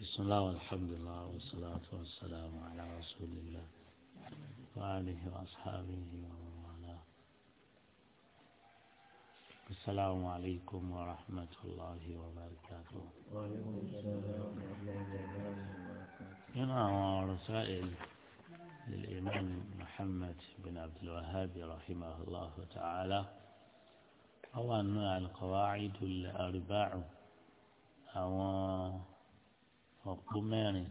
بسم الله والحمد لله والصلاة والسلام على رسول الله وآله وأصحابه ومن والاه السلام عليكم ورحمة الله وبركاته وعليكم السلام ورحمة الله وبركاته هنا رسائل للإمام محمد بن عبد الوهاب رحمه الله تعالى أولا القواعد الأربع أولا ọ̀pọ̀ mẹ́rin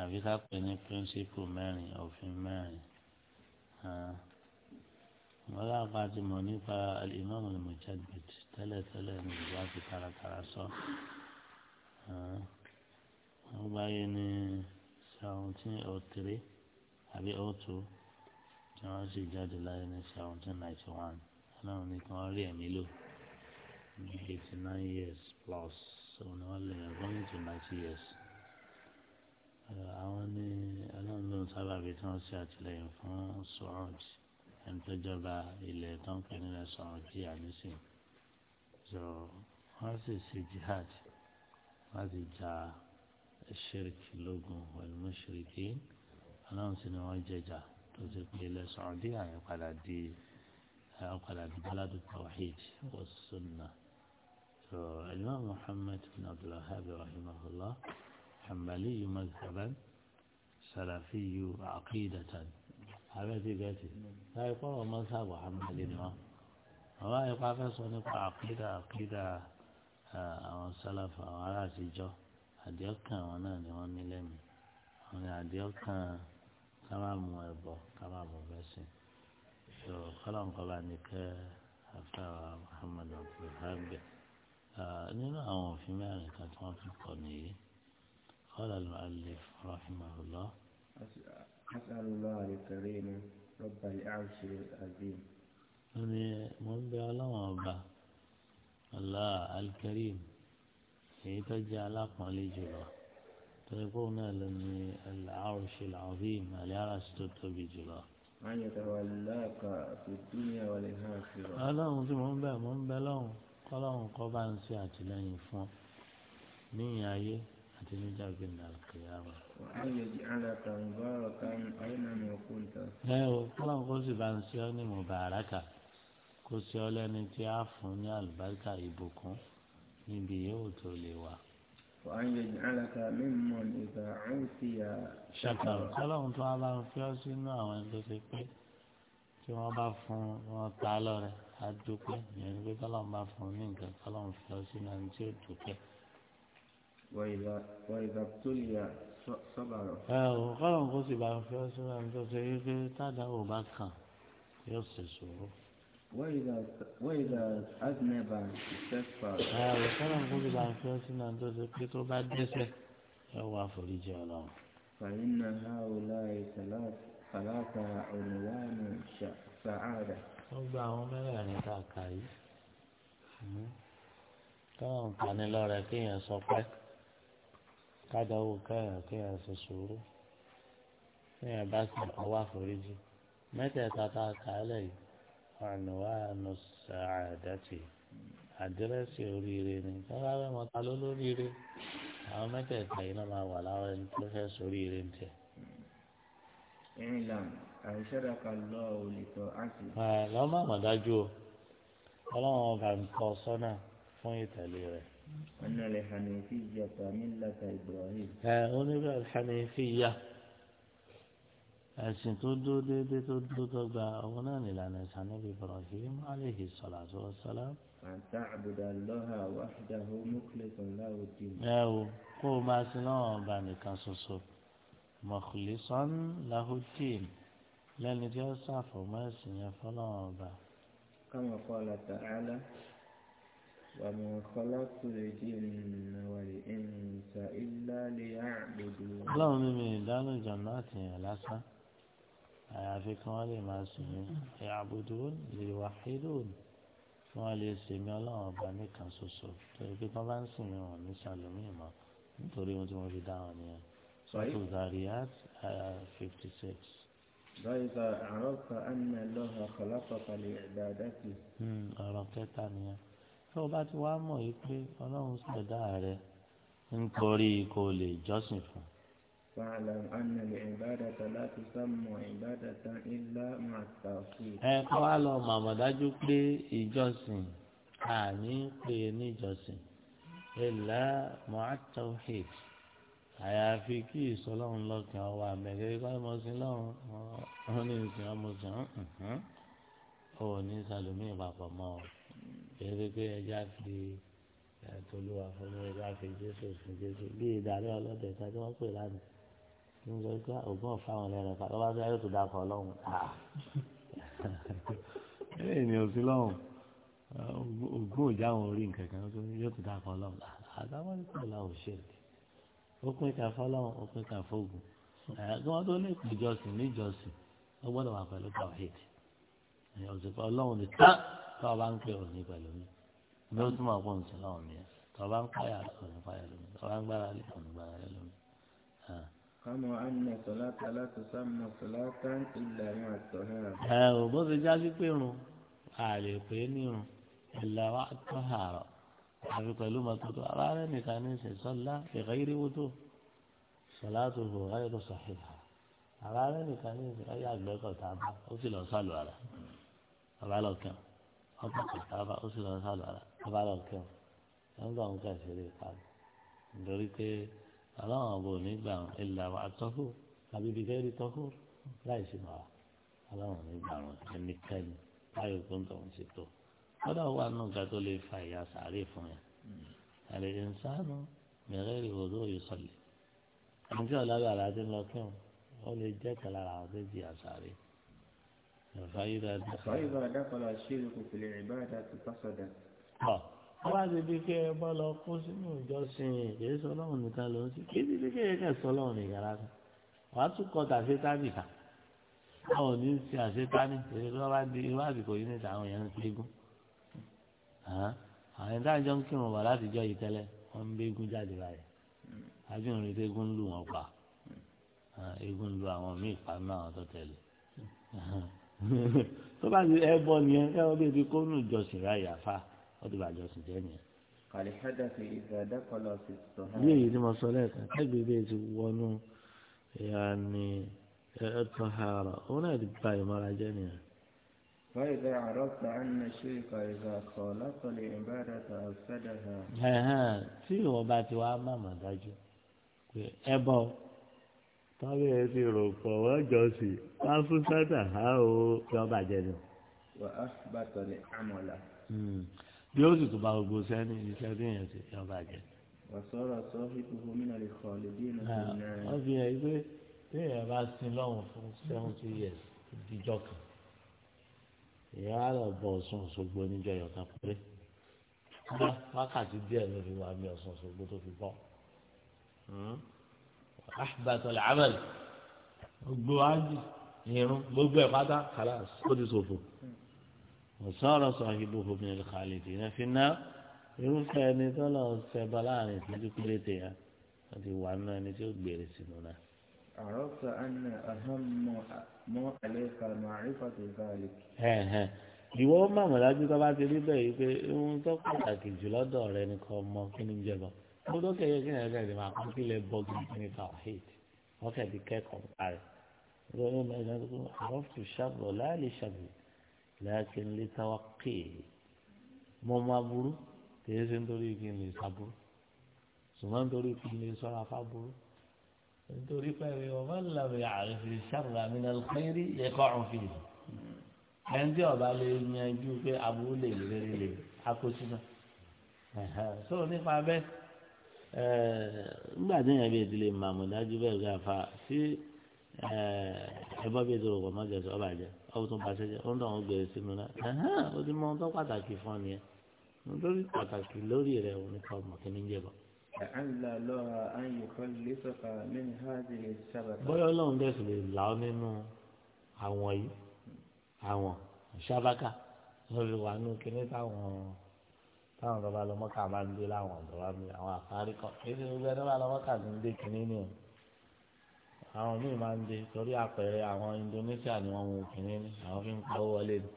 àbí ká pè ní píríncípù mẹ́rin òfin mẹ́rin wọ́n lápá ti mọ̀ nípa alimami al-mujaddid tẹ́lẹ̀tẹ́lẹ̀ ní ìgbà ti kárakára sọ wọ́n gbáyé ní seventeen oh three àbí oh two tí wọ́n sì jáde láyé ní seventeen ninety one ọlọ́run ní kí wọ́n rí ẹ̀mí lò ní eighty nine years plus òun ni wọ́n lè appoint to ninety years. àwọn ní ọlọ́run ló ń sábà bí tí wọ́n ṣe àtìlẹ́yìn fún sọ́ọ̀d ẹni tó jọba ilẹ̀ tó ń pè nílẹ̀ sọ́ọ̀dì ànísìn. so wọ́n sì ṣe jihad wọ́n sì ja ṣèrìkì lógun pẹ̀lú mọ́ṣẹ́rìkì ọlọ́run sì ni wọ́n jẹjà tó ti pè ilẹ̀ sọ́ọ̀dì àyẹ̀padà di àyẹ̀padà di bọ́lá tó tawhid wa So Imam Muhammad bin Abdul Wahhab rahimahullah Hanbali madhhaban Salafi aqidatan Àwọn ti bẹ́ẹ̀ ti láì kọ́rọ̀ mọ́sáàbù Hanbali ni wọ́n. Àwọn àyíká fẹ́ sọ nípa àkídà àkídà àwọn Salafi àwọn ará àtijọ́ àdéhùkàn àwọn náà ni wọ́n ní lẹ́nu. Àwọn ni àdéhùkàn ká máa mú ẹbọ ká máa mú bẹ́sìn. So kọ́lọ̀ nǹkan bá ní kẹ́ àfẹ́ Muhammad Abdul Wahhab bẹ́ẹ̀ nínú àwọn òfin mẹ́rin kan tí wọ́n tún kọ nìyí قال المؤلف رحمه الله أسأل الله الكريم رب العرش العظيم يعني من بعلم ربه الله الكريم يتجع لكم لجلو تقول لني العرش العظيم العرش تتبي جلو أن يتولاك في الدنيا والآخرة ألا أنت من بعلم kọ́lọ́hún kọ́ bá ń ṣe àtìlẹ́yìn fún ọ ní ìyá ayé àti níjà gbẹ̀ndà kìyàwó. ẹ o kọ́lọ́hún kó sì bá ń ṣe ọ́ ní mùbàràkà kó ṣe ọ́ lẹ́ni tí a fún ní àlùbáríkà ìbùkún níbi yóò tó lè wà. ṣàkàrò kọ́lọ́hún tó wá bá ń fi ọ́ sínú àwọn ẹgbẹ́ pé tí wọ́n bá fún wọn ta lọ́rẹ́ á dúpẹ́ ìyẹn ni pé kọ́lọ́n bá fún un ní nǹkan kọ́lọ́n fi ọ sínú ẹni tí ó dúpẹ́. wàyíbá tó yà sọ́bà rọ̀. ẹ ò kọ́lọ́n kó sì bá fi ọ sínú ẹni tó ṣe wípé tádàwọ̀ bá kàn yóò ṣe sòrò. wàyíbá aznẹ́bà ìṣẹ́fà. ẹ ò kọ́lọ́n kó sì bá fi ọ sínú ẹni tó ṣe pé tó bá dẹ́ṣẹ̀ ẹ wà foríjì ọlọ́run. فإن هؤلاء ثلاثة عنوان سعادة wọ́n gba àwọn mẹ́rẹ̀ẹ̀rin tá a kà yìí táwọn nǹkan lọ́rẹ̀ kéèyàn sọ pé kádàwó kéèyàn kéèyàn ṣe sùúrù kéèyàn bá sì kọ́ wá foríjì mẹ́tẹ̀ẹ̀ta tá a kà á lẹ̀ yìí ọ̀nà wa nù sàádàtì àdírẹ́sì oríire ni tọ́lá rẹ̀ mọ́ta ló lóríire àwọn mẹ́tẹ̀ẹ̀ta yìí náà máa wà láwọn ẹni tó fẹ́ sóríire ń tẹ̀ àìsàdà kan lọ òlìtọ àti. ẹ lọ́ọ́ má mọ̀ dájú o ọlọ́run ọba ń kọ sọ́nà fún ìtẹ̀lé rẹ̀. ọ̀nà al-hanifiyya millata Ibrahim. ẹ oníbẹ̀ al-hanifiyya ẹ̀sìn tó dúró déédéé tó dúró dọ́gba ọ̀hún náà nìlànà ìsànàbí Ibrahim alayhi salatu wa salam. àtà àbùdàlọ́hà wahdahu mukhlisan lahu ddin. ẹ o kó o máa sin náà ọba nìkan ṣoṣo mukhlisan lahu ddin lẹ́ni tí ó ṣàfọ̀mọ́ ẹ̀sìn yẹn fọlọ́run ọba. kama qala ta'ala wa ma khalaqtul jinna wal insa illa liya'budun. ọlọ́run ní mi ìdánù ìjọ̀nà àtìyàn lásán àyàfi kí wọ́n lè máa sìn mí ya'budun li wahidun kí wọ́n lè sìn mí ọlọ́run ọba nìkan ṣoṣo torí pé kí wọ́n bá ń sìn mí wọn ní sàlùmí mọ́ nítorí ohun tí wọ́n fi dá nìyẹn. sọ́tù Zariyat fifty six. فإذا عرفت أن الله خلقك لعبادته hmm, ọ̀rọ̀ kẹta nìyẹn tó o bá ti wá mọ̀ yìí pé ọlọ́run ṣẹ̀dá rẹ nítorí kò lè jọ́sìn fún. فاعلم أن العبادة لا تسمى عبادة إلا مع التوحيد. ẹ kọ́ wa lọ màmá dájú pé ìjọsìn àní pé níjọsìn إلا مع التوحيد àyàfi kí ìsọlọ́run lọ́kàn wà mẹ́gẹ́ kọ́ ẹ mọ̀ sí lọ́run wọn ní ìsìn ọmọ sàn án ò ní sàlùmí ìpapọ̀ mọ́ ọ kéré pé ẹja fi tolúwa fún mi ẹja fi jésù fún jésù bí ìdarí ọlọ́dẹ ká tí wọ́n pè lánàá ní sọ pé ah, ògbọ́n fáwọn ẹ̀rọ ká lọ́wọ́ bí ayé tó dakọ̀ ọlọ́run ah. ẹ̀ ní òsín lọ́run ah, ògbọ́n òjáwọn orí nǹkan kan tó yóò tó dakọ̀ ọlọ́run àtàwọn ìpínlẹ̀ ó pín ká fọlọ́run ó pín ká fóògùn kí wọ́n tó ní ìpèjọsìn níjọsìn ó gbọ́dọ̀ wà pẹ̀lú tawhid ọ̀sìnkú ọlọ́run ní tá tó o bá ń pè ọ́ ní pẹ̀lú mi ní ó túmọ̀ pọ̀ nsìn náà mi tó o ń pààyà ọ̀ ní pààyà lómi tó o ń gbára lé ọ̀ ní gbára lé lómi. ẹ ò bó ti já sí pé irun àlè pé ní irun ìlà wa tó hàrọ̀ àfi pẹ̀lú mọ́tótó ara rẹ̀ nìkan ní ṣe sọ́lá ìkà ìrìwò tó sọ́lá tó fò ayé tó sàhìhà ara rẹ̀ nìkan ní ṣe ayé àgbẹ̀ kọ̀tà bá ó sì lọ sálù ara ọba lọ kẹun ọba kọ̀tà bá ó sì lọ sálù ara ọba lọ kẹun nígbà wọn kà sí ilé ìpàdé nítorí pé ọlọ́run ọ̀bọ nígbà kọ́dà wà nù ga tó lè fa ìyá sàárè fún yẹn àlè ìsánú mẹ́rẹ́ ìwòrò ìsọ̀lẹ̀ ẹni tí ọ̀làbà aláàdé lọ kí wọn ó lè jẹ́ kẹlẹ́ ara àwọn méjì àsàárè. fàyídà dákọ̀lá ṣírí kò fi lè rìn bá dà tó fásọ̀dà. wọ́n bá ti di pé ẹbọ lọ kó sínú ìjọsìn èyí sọ lọ́run nìkan ló ń sí kí ti di pé ẹ̀kẹ́ sọ lọ́run nìkan lásán wàá tún kọ́ tà sétánì ká wọn ò ní ṣe àṣetánì torí wọ́n bá di iwájú kò yí níta àwọn èèyàn ń pégún àwọn ẹ̀dá àjọ ń kírun bọ̀ láti jọ yìí tẹ́lẹ̀ wọ́n ń bẹ́gùn jáde báyìí hmm. àbí òun egun lù wọ́n pa egun lu àwọn míì pa ní àwọn tó tẹ̀lé tó bá ti ẹbọ nìyẹn ẹ wọ́n bèbí kó nù jọsìn ráyà fa wọ́n ti bàjọ́ sùn jẹ́ nìyẹn. bí èyí tí mo sọ lẹ́ẹ̀kan ẹgbẹ́ bẹ́ẹ̀ ti wọnú ìyá ni òun náà ti gba ìmọ̀ra فإذا عرفت أن الشرك إذا خالط العبادة أفسدها ها tí ìwọ bá ti wá mọ̀ mọ̀ dájú pé ẹbọ tọ́lé ti rò pọ̀ wọ́jọ́ sí pású sátà á o yọ bàjẹ́ ni. wà á bàtọ̀ ní àmọ̀là. bí ó sì tún bá gbogbo sẹ́ni iṣẹ́ tí yẹn ti yọ bàjẹ́. wàsọ̀rọ̀ sọ ìkókó mìíràn lè kọ́ lè dín náà. wọ́n fi hàn yí pé téèyàn bá sin lọ́hùn fún seventy years ìdíjọ́ kan èèyàn á lọ bọ Ọ̀ṣun Òṣogbo níjọ ìyọ̀ká péré bá wákàtí díẹ̀ ló fi wá bí Ọ̀ṣun Òṣogbo tó fi bọ́ àbàtọ̀lẹ̀ hmm. àmàlẹ̀ gbogbo ájì irun gbogbo ẹ̀ pátá kàrà ó ti ṣòfò ọ̀sán ọ̀rọ̀ sọ ìbò omi ẹ̀ kàlẹ́tì yẹn fi ná irúfẹ́ ẹni tó lọ sẹ́bọ̀ láàrin ìtújú péréte yẹn wọ́n wà nínú ẹni tí gbèrè sínú náà. عرفت أن أهم ما عليك معرفة ذلك ìwọ ọmọ àmọ̀dájú tó bá ti rí bẹ́ẹ̀ pé ohun tó pàtàkì jù lọ́dọ̀ rẹ ni kò mọ kí ni jẹba mo tó kẹyẹ kí ni ẹgbẹ́ rẹ máa kún kí lè bọ́ gidi ní tawhid wọ́n kẹ́ ti kẹ́kọ̀ọ́ parí ló ní mẹ́rin náà tó àwọn fi ṣàbọ̀ láàlì ṣàbọ̀ láàkì ń lé táwa kéè mo máa burú kì í ṣe nítorí kí n lè ṣàbúrú ṣùgbọ́n nítorí kí n lè sọ́ra fáburú nítorí pẹ̀lú ọmọ ńlábẹ̀ àrífẹ́ sábà mìíràn pẹ́ẹ́rì yẹkọ̀ ọ̀fìn ẹni tí ọba lè yanjú pé aburú lè lérí lè akóso náà so nípa bẹ́ẹ̀ nígbà tí èèyàn bí ìdílé màmú dájú bẹ́ẹ̀ gbà fa sí ẹbọ bíi ètò òkò mọ́jọ sí ọba jẹ ọba tó bàṣẹ jẹ ọdún àwọn gbèrè sínú náà ó ti mọ ohun tó pàtàkì fún ọ nìyẹn nítorí pàtàkì lórí rẹ òun nípa ọmọ kìíní jẹ bọ làálà lọ́ra ayùkọ́ lẹ́sọ̀kà mẹ́ni háàdì sábàtà. bọ́lá ọlọ́run dẹ̀ sì lè là ọ́ nínú àwọn yìí àwọn ṣábàkà wọ́n fi wà nù kíní táwọn táwọn tó bá lọ mọ́kà máa ń dé láwọn tó bá mi àwọn àfárí kan èyí tó gbẹ tó bá lọ ń dé kíní ni o àwọn míì máa ń dé torí àpẹẹrẹ àwọn Indonesia ni wọ́n mú kíní ni àwọn fi ń pawó wọlé ni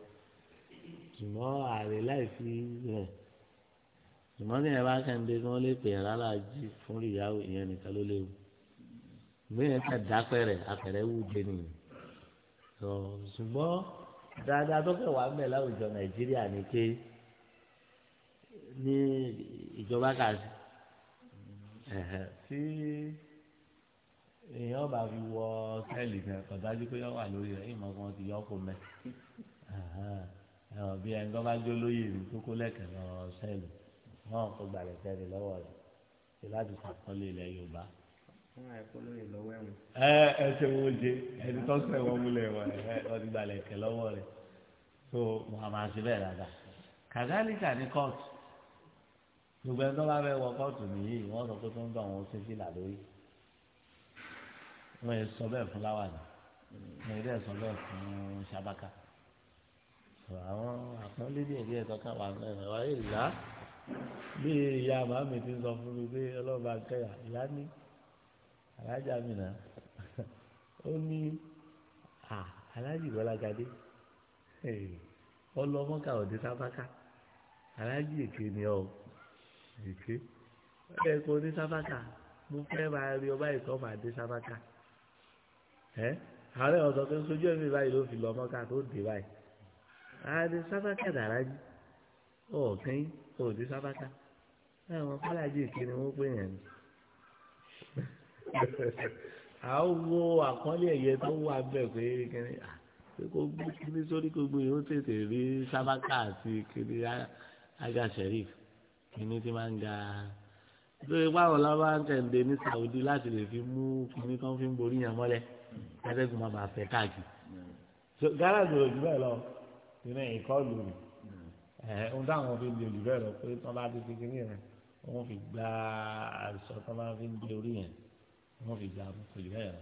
ṣùgbọ́n ààrẹ láì fi rẹ̀ ìmọ̀tí yẹn bá kẹ́ńdé kí wọ́n lè pè é rárá jí fún ìyàwó ìyẹn nìkan ló léwu ìgbé yẹn kẹ́ dápẹ́rẹ́ apẹ̀rẹ́ wù dé nìyẹn ṣùgbọ́n dáadáa tó kẹwàá ń bẹ̀ láwùjọ nàìjíríà ni pé ní ìjọba kà sí tí èèyàn bá fi wọ sẹ́ẹ̀lì kan kọ̀dájú pé wọ́n wà lórí rẹ̀ ìmọ̀ kan ti yọ́kù mẹ́ ẹ̀hàn bí ẹni tó bá jó lóyè ní kókó lẹ́kẹ̀ẹ́ lọ sẹ́ẹ̀lì ọlọ́run tó gbàlẹ̀ tẹ́lẹ̀ lọ́wọ́ rẹ̀ ṣe láti sàkọ́lé ilẹ̀ yorùbá. ẹ ẹ ṣe wọ́n jẹ ẹni tó sẹ̀ wọ́n múlẹ̀ wọ̀ ẹ ọdí gbàlẹ̀ kẹ lọ́wọ́ rẹ̀ tó muhammad ṣe bẹ́ẹ̀ dáadáa. kàdálíkà ní kóòtù gbogbo ẹni tó bá fẹ́ wọ kóòtù nìyí wọ́n sọ pé tó ń bọ̀ wọn ṣe fìlà lórí. wọ́n yẹ sọ bẹ́ẹ̀ fún láwàní wọ́n yẹ sọ bẹ́ẹ̀ fún ṣàbàkà àwọn àpọ́nlé díẹ̀ díẹ̀ kọ́kà wà ní ẹ̀rọ ìlà bí ìyá màmí ti sọ fún mi pé ọlọ́ba kẹyà ìyá ní alájà mi nà ó ní alájì bọ́lágadé ọlọ́mọ́ka òde sábàkà alájì èké ni ọ èké ẹ kò ní sábàkà mo fẹ́ máa rí ọba ìkọ́ máa dé sábàkà ẹ àárẹ̀ ọ̀sán tó ń sojú ẹ̀mí báyìí ló fi lọ ọmọka tó dé báyìí àárẹ̀ sábàkà dàrájì ọ̀ọ́kẹ́yìn ò sí sábàtà àwọn fàlàjì kiri wọn pè yẹn ni àwọn wo àkọlé ẹ̀yẹ tó wà bẹ́ẹ̀ pé kíni pé kó gbé kíní sórí gbogbo yìí ó tètè rí sábàtà àti kíní ága sheriff kíní tí máa ń ga lórí pàwọn lọ́wọ́ ń tẹ̀lé ní Saudi láti lè fi mú kíní tó ń fi ń borí yẹn mọ́lẹ̀ ẹgbẹ́ kí wọ́n máa fẹ́ káàkiri. gáràjì òjú bẹ́ẹ̀ lọ nínú ìkọlù rẹ̀ ohun táwọn fi lè jù bẹ́ẹ̀ lọ pé tán bá ti fi kiri rẹ̀ wọ́n fi gba àìsàn tán bá fi ń gbé orí yẹn wọ́n fi gba àbùkù jù bẹ́ẹ̀ lọ.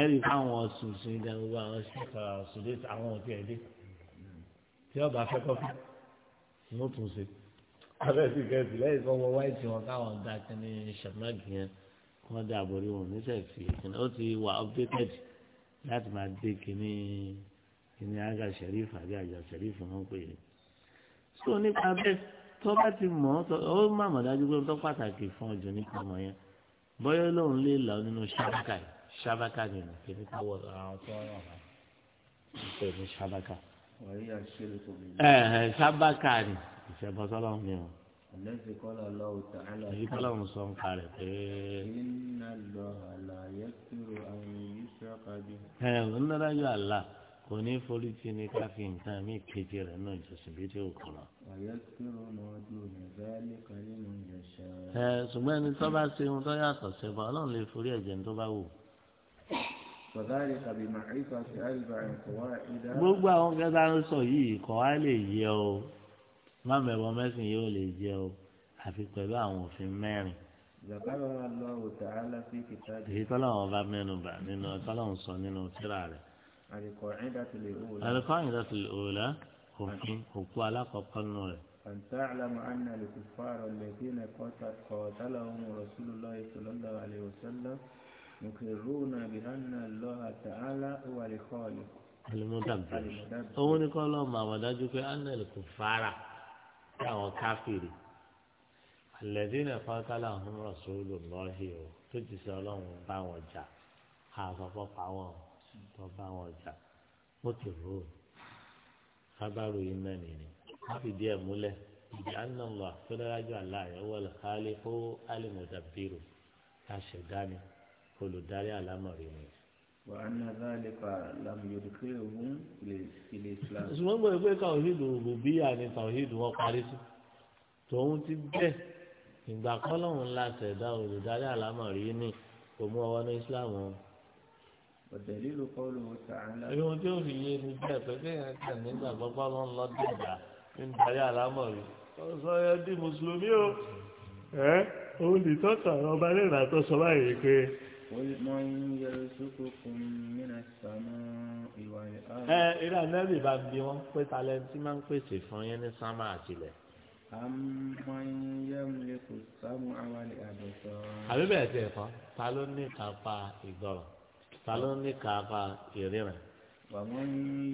ẹ̀rí káwọn sùn sí ní gbogbo àwọn sùdé àwọn òtí ẹ̀ dé tí ọba fẹ́ kọ́fí ni ó tún ṣe. abẹ́sí kẹ́sì lẹ́yìn kan wọ wáìtì wọn káwọn da kíní ṣàmágì yẹn wọ́n dà borí wọn níṣẹ́ fi ó ti wà updated láti máa dé kíní ìní àga ṣẹ̀rífù àbí àjà ṣẹ̀rífù náà pè é so nípa bẹ́ẹ̀ tó bá ti mọ̀ ọ́ má mọ̀ dájú pé tó pàtàkì fún ọjọ́ nípa ọmọ yẹn bọ́yọ́ lòun lè là nínú ṣábàkà ṣábàkà ni kì í nípa wọ àwọn tó rọ̀ wá ìfẹ́ ní ṣábàkà. ṣábàkà ni ìfẹ́ mi o. Àlẹ́sì kọ́lá òun sọ ń parẹ̀ pé. Iná lọ àlàyé kúrò àwọn yìí ṣọ́ka bí. Ẹ̀ ń dájú àlá kò ní forí ti ní ká fi nǹkan mí kejì rẹ̀ náà jọ̀sìn bí tí ó kọ̀ lọ. ẹ ṣùgbọ́n ẹni tó bá ṣe ohun tó yàtọ̀ ṣe fún ọlọ́run lè forí ẹ̀jẹ̀ tó bá wù. gbogbo àwọn kẹta ń sọ yìí kọ́ á lè yẹ o má mẹ́wọ́ mẹ́sìn yóò lè jẹ o àfi pẹ̀lú àwọn òfin mẹ́rin. èyí tọ́lọ́wọ́n bá mẹ́nu bà nínú tọ́lọ́wọ́n sọ nínú tírà rẹ̀. القاعدة الأولى القاعدة الأولى حكم علاقة النور أن تعلم أن الكفار الذين قاتلهم رسول الله صلى الله عليه وسلم مقرون بأن الله تعالى هو الخالق المدبر òun ni kọ́ lọ́ọ́ mọ àwọn dájú pé anel kò fara kí àwọn káfíìrì àlẹ́dínà fọ́tálà ọ̀hún rọ̀ sóòlù lọ́ọ́hìn o tó ti sọ ọlọ́run bá wọn jà àfọ̀fọ́ pa wọn o tó bá wọn jà ó ti rò ó kábàárò yìí náà nìyí wọn fìdí ẹ̀ múlẹ̀ ìdí ànàmọ àfẹlẹrájú aláàyè wọlé kálí kó alimọdà bírò aṣẹdá ni olùdarí àlámọ̀rí ni. wà á ná dáálé pa làmúyòdìkì òun ilé islam. ṣùgbọ́n gbọ́dọ̀ pé tawhid rububiyya ni tawhid wọn parí sí tòun ti bẹ́ẹ̀ ìgbà kọ́lọ́hún la ṣẹ̀dá olùdarí àlámọ̀rí ni kò mú ọwọ́ ní islam wọn. والدليل قوله تعالى يوم يوم يجي بيتك كان نبا بابا الله دجا من بيا الامر sọ yẹ di mùsùlùmí o ẹ òun lè tọ́ka ọba lẹ́nà tó sọ báyìí pé. ẹ ìlà nẹ́bì bá bí wọ́n pé talẹ́ntì máa ń pèsè fún yẹn ní sámà àtìlẹ̀. àbí bẹ́ẹ̀ tẹ̀ kọ́ ta ló ní kápá ìgbọràn ta ló ní kàápa ìríran. wàmọ́n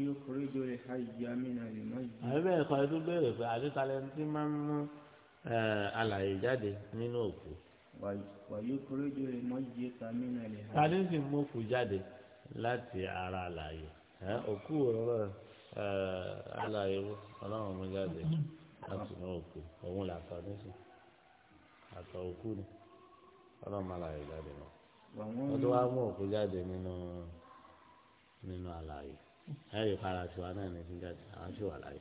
yóò forí dórí àyà mi náà lè má yí. àbí bẹ́ẹ̀ kọ́ ẹdún béèrè pé àti talẹ́ntì máa ń mú alàyè jáde nínú òkú. wàyó forí dórí mọ́ yé sami náà lè ha. tani sì mú òkú jáde láti ara alàyè òkú ọ̀rọ̀ alàyè ọlọ́run mú jáde láti inú òkú òun làtọ̀ nísìn àtọ̀ òkú ni ọlọ́run má alàyè jáde náà wọ́n tó wá mú òkú jáde nínú nínú àlàyé ẹ̀rí para tiwa náà ní ti jáde àwọn sì wà láyé.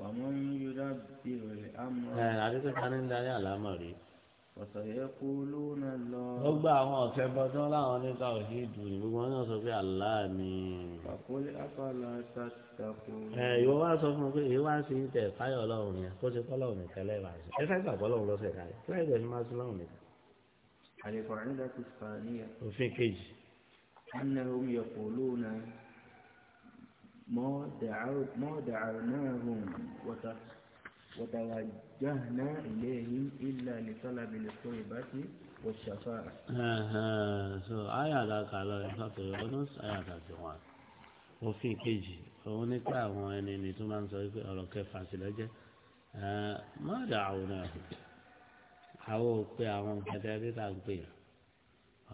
wà mọ́ ń yọjá bí rẹ̀ àmọ́. ẹ àdéhùn sani ń darí àlámọ̀ rí. ọ̀sẹ̀ yẹ kó lónà lọ. ó gba àwọn ọ̀sẹ̀ bọ́ tí wọ́n láwọn nípa òjì ìdùn ní gbogbo wọn náà sọ pé àlá mi. àkólé àfàlà ṣàtàkù. ẹ ìwọ wá sọ fún mi pé èyí wá sí tẹ fáyọ Ọlọ́run yẹn kó ṣe kọlọrun nìkan lẹẹbàá ẹ fẹẹ gbàgbọ́ Ọlọ́run lọsẹ káyọ fúláìdẹ fi máa sí Ọlọ́run nìkan. القاعدة الثانية وفي كيجي أنهم يقولون ما دعوا ما دعوناهم وتوجهنا إليهم إلا لطلب التوبة والشفاعة. آه سو آية ذاك على إحلاط يونس آية ذاك جوان وفي كيجي òun ní pé àwọn ẹni ní tó máa ń sọ pé ọ̀rọ̀ kẹfà sílẹ̀ jẹ́ má dàá òun náà àwọn òpè àwọn kẹtẹ títà ń pè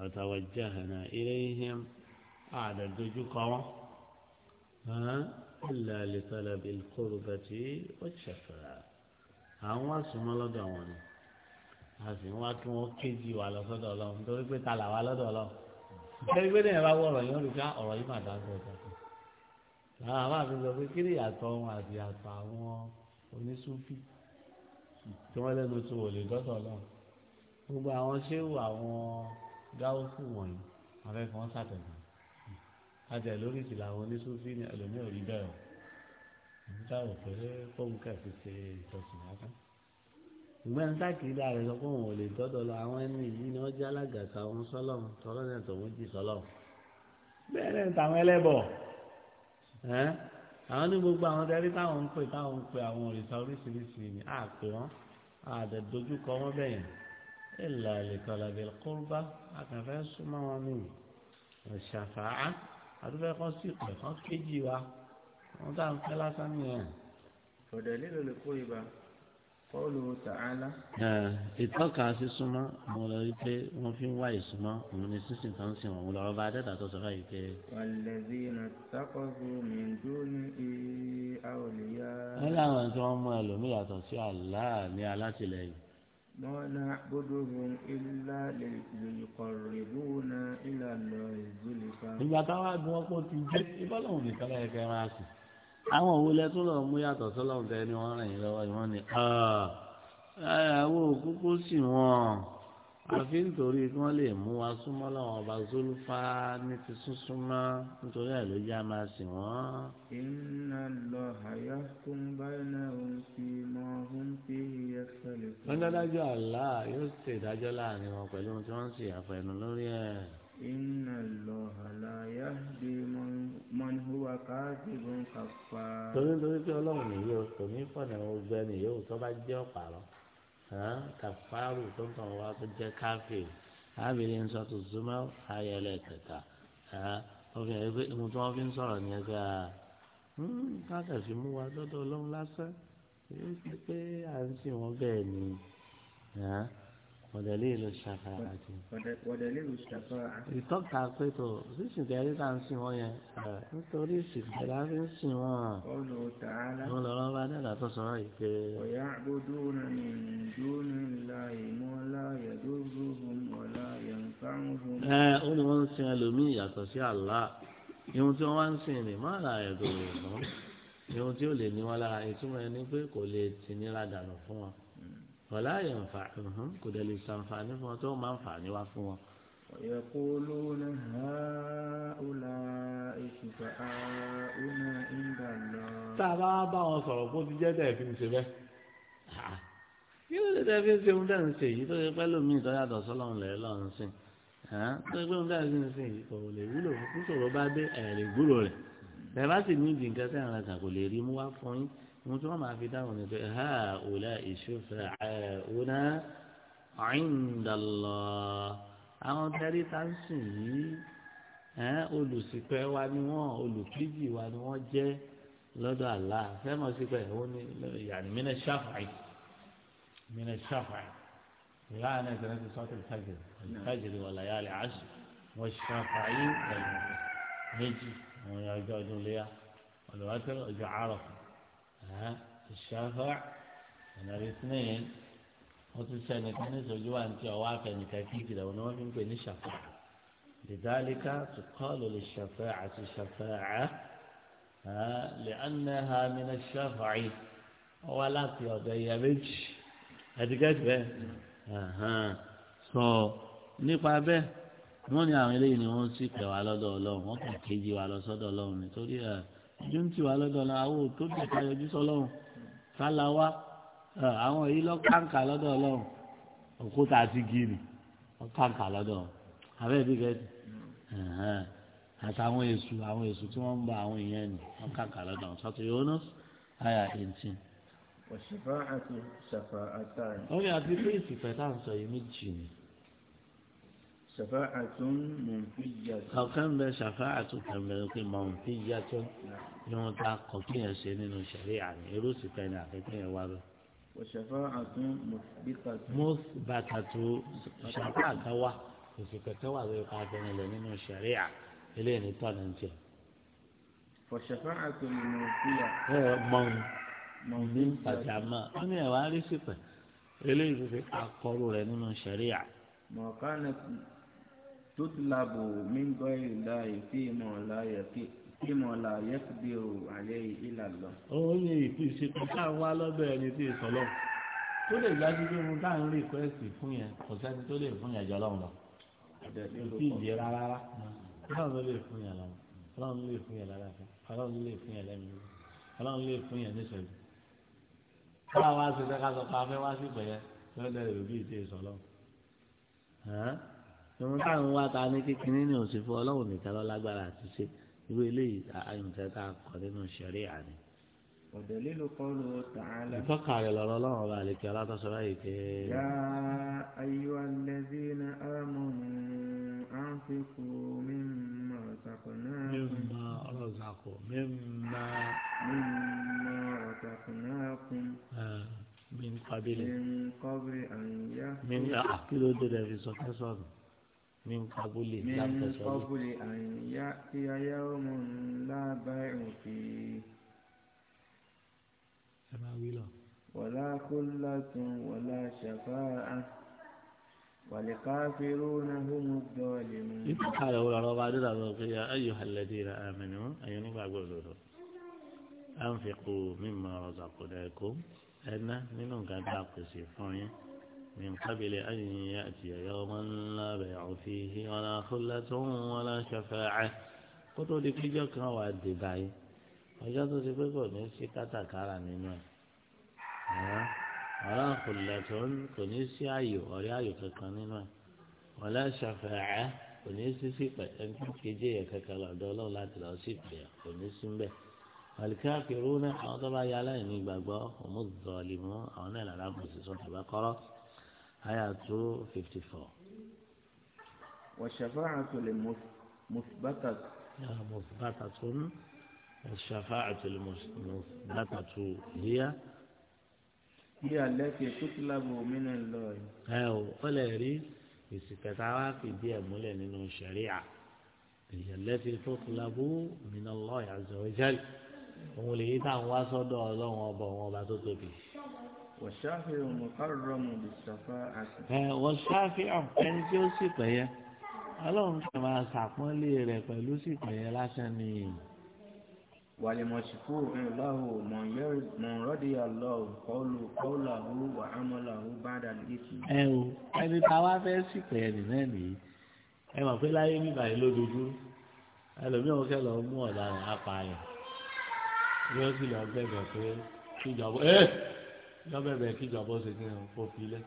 ọ̀tàwọ̀ jẹ́hànà ilé ihim àdàdójúkọ wọn ilẹ̀ àlìsàlẹ̀ ìkóró bàtí ó ṣẹ̀fẹ̀rẹ̀ àwọn àsùnmọ́ lọ́dọ̀ wọn ni a sì ń wá kí wọ́n kéjì wà lọ́sọ́dọ̀ ọlọ́run nítorí pé ta là wá lọ́dọ̀ ọlọ́run nítorí pé lẹ́yìn bá wọ ọ̀rọ̀ yẹn olùkọ́ ah, ọ̀rọ̀ yìí máa dáńtọ́ ọ̀tọ̀ àwọn àbá sọ pé kí ni ìyàtọ̀ wọn àti ìyàtọ̀ àwọn oníṣúfì tí wọ́n lẹ́nu tí wò lè dọ́tọ̀ ọlọ́run gbogbo àwọn ṣéwù àwọn gáwùsù wọ̀nyí wọ́n fẹ́ fi wọ́n ṣàtẹ̀gùn ajẹ́ lórí ìsìlẹ̀ àwọn oníṣúfì ni ẹlòmíràn rí bẹ́ẹ̀ o nígbà wò pé fóun kẹ̀sì ṣe ìjọsìn lásán ìgbà ń sákìlá rẹ̀ sọ fóun ò lè dọ́dọ̀ lọ àwọn ẹni yìí ni wọ́n jẹ́ alágàtà òun sọ́lọ́run tọ́lọ́dẹ̀ tòun jì sọ́lọ́run bẹ́ẹ̀ náà tàwọn ẹlẹ́bọ̀ ẹ́ àwọn ní gbogbo àwọn tẹ́rí táwọn ń pè táwọn ń pè àwọn òrìṣà oríṣiríṣi ni a pè wọ́n a dẹ̀ dojúkọ wọ́n bẹ̀yẹn ìlà ìlẹ̀kọ̀lẹ̀ kọ́rùbá a kàn fẹ́ súnmọ́ wọn ní ìṣàfàá àdúgbò kan sì pẹ̀ kan kéjì wa wọ́n tá ń fẹ́ lásán nìyẹn. ọ̀dẹ̀ lílo lè kó ibà kọ́ọ̀lù tààlà. ìtọ́ka sísúnmọ́ mo lọ rí pé wọ́n fi ń wá ìsúnmọ́ òun ni sísìn kan sìn wọ́n lọ́wọ́ bá dẹ́ta tó sọ báyìí pé. wàlẹ́bí iná sákòókò mi dúró ní iye àwòlíyá. wọ́n láwọn tí wọ́n mú ẹlòmíì yàtọ̀ sí àlá ní alátìlẹyìn. mọ́nà gbódògùn ilá lèkọ̀rìbùnà ìlànà ìzúlẹ̀ká. ìgbà táwọn àgbọn pọ̀ ti jẹ́ ìbálòun nìkan láyé fẹ́ máa sùn àwọn òwò lẹ tó lọ mú yàtọ̀ sọ́lọ́run tẹ ni wọ́n ràn yín lọ́wọ́ ìwọ́n ni ah, àwọn òkúkú sì wọ́n àfi nítorí kí wọ́n lè mú wa súnmọ́ láwọn ọba zolúfà ní ti súnsúnmọ́ nítorí ẹ̀ ló yá máa sì wọ́n. iná lọ àyà tó ń bá iná òun fi mọ ohun tí ìyẹn fẹlẹ. wọ́n dájọ́ àlá yóò ṣèdájọ́ láàrin wọn pẹ̀lú ohun tí wọ́n ń ṣe àfẹnù ẹ̀ inna Allaha la yahdi man huwa kadhibun kafar. torí torí pé ọlọ́run nìyí o kò ní fọ̀nà ọgbẹ́ nìyí o tó bá jẹ́ ọ̀pàrọ̀ kàfàrù tó ń tàn wá tó jẹ́ káfíìn ábìrin sọ tó zuma ayẹlẹ kẹta ọfìn ẹ̀ tí wọ́n fi ń sọ̀rọ̀ ní ẹgbẹ́ kákẹ́sì mú wa lọ́dọ̀ ọlọ́run lásán pé à ń sìn wọ́n bẹ́ẹ̀ ni. ودليل الشفاعة ودليل الشفاعة يتوقع قيته سيسن تاريخ عن سيوان نتوري سيكتر عن سيوان قوله تعالى قول ربنا لا تصرعك ويعبدون من دون الله ما لا يجوزهم ولا ينفعهم ها أولو من سيالومي يتسيع الله يوم تيوان سيني ما لا يجوزهم يوم تيولي نيوالا يتوما ينفع كولي تنيرا دانو فوان wọ́lá yẹn fà kò dẹ̀ lè sànfààní fún wọn tó máa ń ní wá fún wọn. ويقولون هؤلاء شفعاؤنا عند الله tá a bá bá wọn sọ̀rọ̀ kó ti jẹ́ dẹ̀ fi ń ṣe bẹ́ẹ̀ ah, kí ló dé dẹ̀ fi ń ṣe ohun dẹ̀ ń ṣe yìí tó ṣe pẹ́ lómi ìtọ́ yàtọ̀ sọ́lọ́run lẹ̀ lọ́run sí ah, tó ṣe pé ohun dẹ̀ ń ṣe yìí kò lè wúlò fún sọ̀rọ̀ bá dé ẹ̀ gbúrò rẹ̀ mo tún wọn máa fi dáhùn ní pé ha òlà ìṣòfò àìhóná àìndàlọ àwọn tẹrí táǹsì yìí olùṣìpẹ̀ wa ni wọn olùkíjì wa ni wọn jẹ lọ́dọ̀ àlá fẹmọ sípẹ òun ni yàrá mínà ṣáfàì mínà ṣáfàì ìlànà ìtẹ̀lẹ́ ti sọ́tò ìfẹ́jì ìfẹ́jì wà láyàlẹ̀ àṣù wọ́n ṣáfàì ẹ̀yìn méjì àwọn ọjọ́ ọdún léyà ọ̀dọ̀ wá tẹ́lẹ̀ ọjọ́ àárọ̀ fún ìṣàfà ọ̀nà ìsìnìyàn wọ́n ti sẹ́ni kan ní ìṣojú wa ní ti ọwọ́ afẹnìkan kíkì rẹ̀ wọ́n ni wọ́n fi ń pè ní ṣàfà lìdálíkà tó kọ́ ló lè ṣàfà àti ṣàfà á lè ánà ha mi ní ṣàfà yìí wọ́n wá láti ọ̀dọ̀ ìyá méjì ẹ̀dígẹ́tì bẹ́ẹ̀ sọ nípa bẹ́ẹ̀ wọ́n ní àwọn eléyìí ni wọ́n sì pẹ̀ wá lọ́dọ̀ ọlọ́run wọ́n kàn kéjì wá lọ sọ́dọ̀ ọlọ́run nítorí ẹ̀ júǹtì wà lọ́dọ̀ náà àwọn òtó bẹ̀ka yọjú sọlọ́run sálá wa àwọn èyí lọ́kàǹkà lọ́dọ̀ ọlọ́run òkúta àti gírì lọ́kàǹkà lọ́dọ̀ abẹ́ẹ̀ bí kẹ́tì àtàwọn èṣù àwọn èṣù tí wọ́n ń bá àwọn èèyàn ni lọ́kàǹkà lọ́dọ̀ sọ́tò Yunus àyà eighteen. òṣìfà àti ṣàfà àtàrí. ó yà àti pé ìsìfẹ́ tá à ń sọ yìí méjì ni ṣàfáàtún mọ̀nfíyàtún. ọ̀kan bẹ ṣàfáàtún kan bẹ pé mọ̀nfíyàtún ni wọ́n ta kọ̀ kí yẹn ṣe nínú ṣẹ̀rí àmì irú sì fẹ́ ni àfikún yẹn wá lọ. ṣàfáàtún mọ̀sibítàtún. mọ̀sibátàtún ṣàfáàtà wa òṣìkẹ̀kẹ́ wà lórí pàtẹ́ni lẹ̀ nínú ṣẹ̀rí à eléyìí ní tọ́ni ń tiẹ̀. ṣàfáàtún mọ̀nfíyà. ẹ mọ̀n mọ̀nbí pàjámà wọ́n ní ẹ̀wá rí sípẹ̀ eléyìí fi akọ́rù rẹ̀ nínú ṣẹ̀rí à. تطلب من غير الله فيما لا يقي فيما لا يقدر عليه إلا الله òun ni ìfìsí kọ̀ọ̀kan wá lọ́dọ̀ ẹni tí ì sọ̀lọ́ tó lè dájú pé mo dáhùn rìkwẹ́sì fún yẹn kò sẹ́ni tó lè fún yẹn jọ lọ́wọ́ lọ ìfì ìdí rárá ọlọ́run lè fún yẹn lọ́wọ́ ọlọ́run lè fún yẹn lálàáfíà ọlọ́run lè fún yẹn lẹ́mìí ọlọ́run lè fún yẹn níṣẹ́lú káwá wá sí sẹ́ká sọ pé afẹ́ wá sí ìgbẹ̀yẹ lọ́dọ̀ ẹ̀rọ bí ìdí ìsọ̀lọ́ ìwọ̀n táwọn wá ta ní kékeré ní òsì fún ọlọ́run nìkan lọ lágbára àti ṣe irú eléyìí àyùntẹ́ tá a kọ̀ nínú ṣẹ̀rí àní. ودليل قوله تعالى فقع لرلاه ذلك لا تسرعيك يا أيها الذين آمنوا أنفقوا مما رزقناكم مما رزقوا مما مما رزقناكم آه. من قبل من قبل أن يأتي من أحكي له في صفحة صفحة من قبل من قبل أن يأتي يوم لا بيع فيه ولا خلة ولا شفاعة والكافرون هم الظالمون إذا قال أولى رضا يا أيها الذين آمنوا أي نبع قولوا أنفقوا مما رزقناكم أن منهم كان تعقصي من قبل أن يأتي يوما لا بيع فيه ولا خلة ولا شفاعة kótó di pé ìjọ kan wà dé báyìí ọjọ́ tó ti pé kò ní sí kátàkárà nínú ẹ̀ ọ̀rá àkùlẹ̀ tó ń kò ní sí ayò ọ̀rẹ́ ayò kankan nínú ẹ̀ ọ̀lẹ́ ṣàfẹ́ẹ́ kò ní sí sí pẹ̀lú kejì ẹ̀ kankan lọ́dọ̀ ọlọ́run láti lọ sí ìpìlẹ̀ kò ní sí ń bẹ̀ àlùkà kìrú náà àwọn tó bá yá aláìní gbàgbọ́ òmùdọ̀ọ̀lì mú àwọn náà làlámù sí sọ́tàbákọ́rọ́ aya two fifty four. والشفاعة المثبتة مثبتة الشفاعة المثبتة هي هي التي تطلب من الله أو ولا يريد يسكتها في دي مولين إنه شريعة هي التي تطلب من الله عز وجل ومولي تعوى صدى الله وبا وبا تطلبه wọ̀ṣáfì mùkárọ̀mù lè ṣàfà àti. ẹ wọ̀ṣáfì ẹni tí ó sì pẹ̀yẹ ọlọ́run kò máa ṣàpọ́nlé rẹ̀ pẹ̀lú sì pẹ̀yẹ lásán ni. wàlẹ̀ mọ̀ṣíkù ńláhù mọ̀nrọ́dì àlọ́hù kọ́ọ̀lù wàhámọ́làhù bàdà lẹ́sìn. ẹ o ẹni tá a wá fẹ́ sì pẹ̀yẹ nìyẹn nìyí ẹ mọ̀ pé láyé bíbá yìí lójoojú ẹlòmíràn kẹ́ lọ mú ọ̀daràn apààyàn ni ó sì lọ gbẹ̀gbẹ̀ pé kíjọba ẹ lọ́bẹ̀bẹ̀ kíjọba ó ṣe kí wọn kó fi lẹ́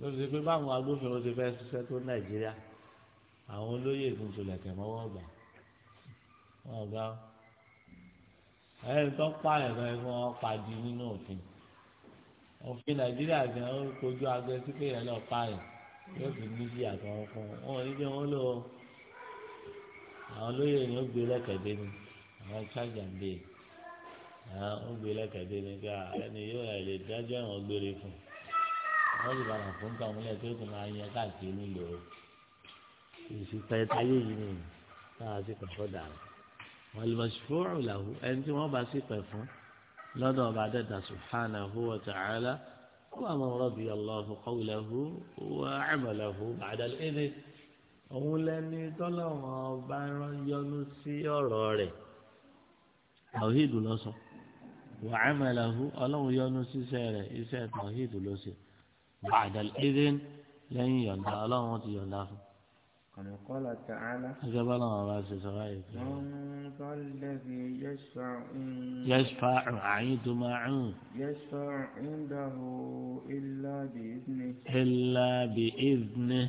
lọ́sọ̀ ṣe pé báwọn agbófinró ṣe fẹ́ ṣiṣẹ́ tó nàìjíríà àwọn olóyè ìgbìmọ̀ lẹ̀kẹ̀ mọ́wọ́ ọ̀gbà wọn ọ̀gá ẹni tó pààyàn náà ni wọ́n pàdé nínú òfin òfin nàìjíríà ni wọ́n kojú agbẹ́ sí pé ìyẹn lọ́ọ́ pààyàn yóò fi níbi àtọ̀wọ́ fún wọn wọn ò ní bí wọ́n lò ó àwọn olóyè ni ó gbé lẹ́kẹ̀dé ni àwọn chájà ń béèrè ń gbé lẹ́kẹ̀dé ni ká ẹni yóò ẹ̀ lè dájọ́ ẹ̀wọ̀n gbére fún wọ́n sì bára fún ká múlẹ̀ tó kùn máa yan káàkiri nílòó ìsìnkà ìtayé yìí ni táwa sì pẹ̀ fọ́ dàrú wọ́n lè máa ṣòfò ìlàwó ẹni tí wọ́n bá sì pẹ̀ fún lọ́dọ̀ ọba adẹ́ta subhanahu wa ta'ala wọ́n àwọn rọ́bì ọlọ́hu kọ́wìlẹ́hu wọ́n àmọ̀lẹ́hu bàdàlẹ́ni òun lẹ́ni tọ́lọ́wọ́n bá rán yọnu sí ọ̀rọ̀ rẹ̀ tàwíìdù lọ́sàn wà amalahu ọlọ́run yọ́nú síṣẹ́ rẹ̀ iṣẹ́ tawhid ló ṣe ba'dal idhin lẹ́yìn yọ̀ǹda ọlọ́run ti yọ̀ǹda fún. kama qala ta'ala. ẹgbẹ́ bá lọ́wọ́ bá ṣe sọ báyìí. yashfa'u àyíntó máa ń. yashfa'u indahu illa bi idhni. illa bi idhni.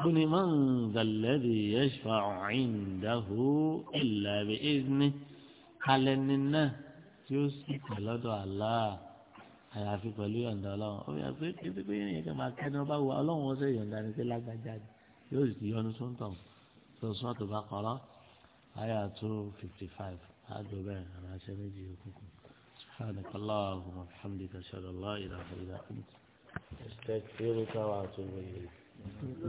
قل من ذا الذي يشفع عنده إلا بإذنه هل الناس tí ó sì pẹ̀ lọ́dọ̀ àlá àyàfi pẹ̀lú yọ̀ǹda ọlọ́run ó yà pé kí pé yẹn kẹ́ máa kẹ́ni ọba wa ọlọ́run ó sì yọ̀ǹda ni pé lágbájá ni yóò sì yọnu tó ń tàn tó sún ọ̀tọ̀ bá kọ́rọ́ àyà tó fifty five àádó bẹ́ẹ̀ aláṣẹ méjì òkùnkùn سبحانك اللهم وبحمدك اشهد ان لا اله الا انت استغفرك واتوب اليك